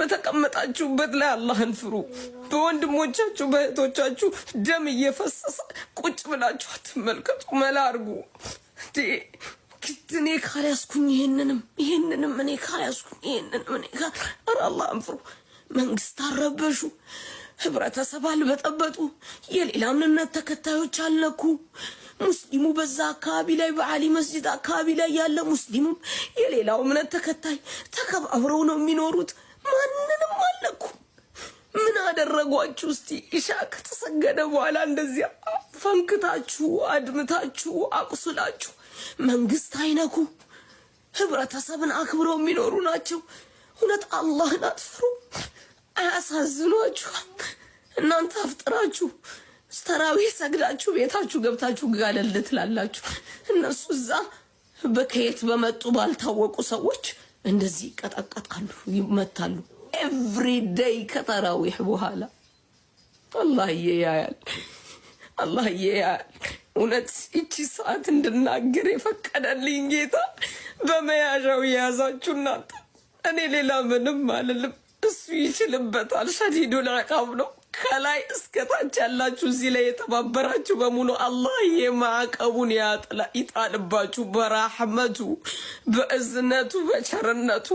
በተቀመጣችሁበት ላይ አላህን ፍሩ። በወንድሞቻችሁ በእህቶቻችሁ ደም እየፈሰሰ ቁጭ ብላችሁ አትመልከቱ። መላ አርጉ። እኔ ካልያዝኩኝ ይህንንም ይህንንም እኔ ካልያዝኩኝ ይህንንም እኔ ካል ኧረ አላህን ፍሩ። መንግስት አረበሹ፣ ህብረተሰብ አልበጠበጡ፣ የሌላ እምነት ተከታዮች አልነኩ። ሙስሊሙ በዛ አካባቢ ላይ በአሊ መስጂድ አካባቢ ላይ ያለ ሙስሊሙም የሌላው እምነት ተከታይ ተከባብረው ነው የሚኖሩት። ማንንም አለኩ። ምን አደረጓችሁ? እስቲ ኢሻ ከተሰገደ በኋላ እንደዚያ ፈንክታችሁ አድምታችሁ አቁስላችሁ መንግስት አይነኩ ህብረተሰብን አክብረው የሚኖሩ ናቸው። እውነት አላህን አትፍሩ? አያሳዝኗችሁ? እናንተ አፍጥራችሁ ስተራዊ ሰግዳችሁ ቤታችሁ ገብታችሁ ጋለል ትላላችሁ። እነሱ እዛ በከየት በመጡ ባልታወቁ ሰዎች እንደዚህ ይቀጠቀጥካሉ፣ ይመታሉ። ኤቭሪ ደይ ከተራዊህ በኋላ አላህዬ ያያል፣ አላህዬ ያያል። እውነት እቺ ሰዓት እንድናገር የፈቀደልኝ ጌታ በመያዣው የያዛችሁ እናንተ፣ እኔ ሌላ ምንም አልልም። እሱ ይችልበታል። ሸዲዱ ልዕቃብ ነው። ከላይ እስከ ታች ያላችሁ እዚህ ላይ የተባበራችሁ በሙሉ አላህ የማዕቀቡን ያጥላ ይጣልባችሁ፣ በራህመቱ በእዝነቱ በቸርነቱ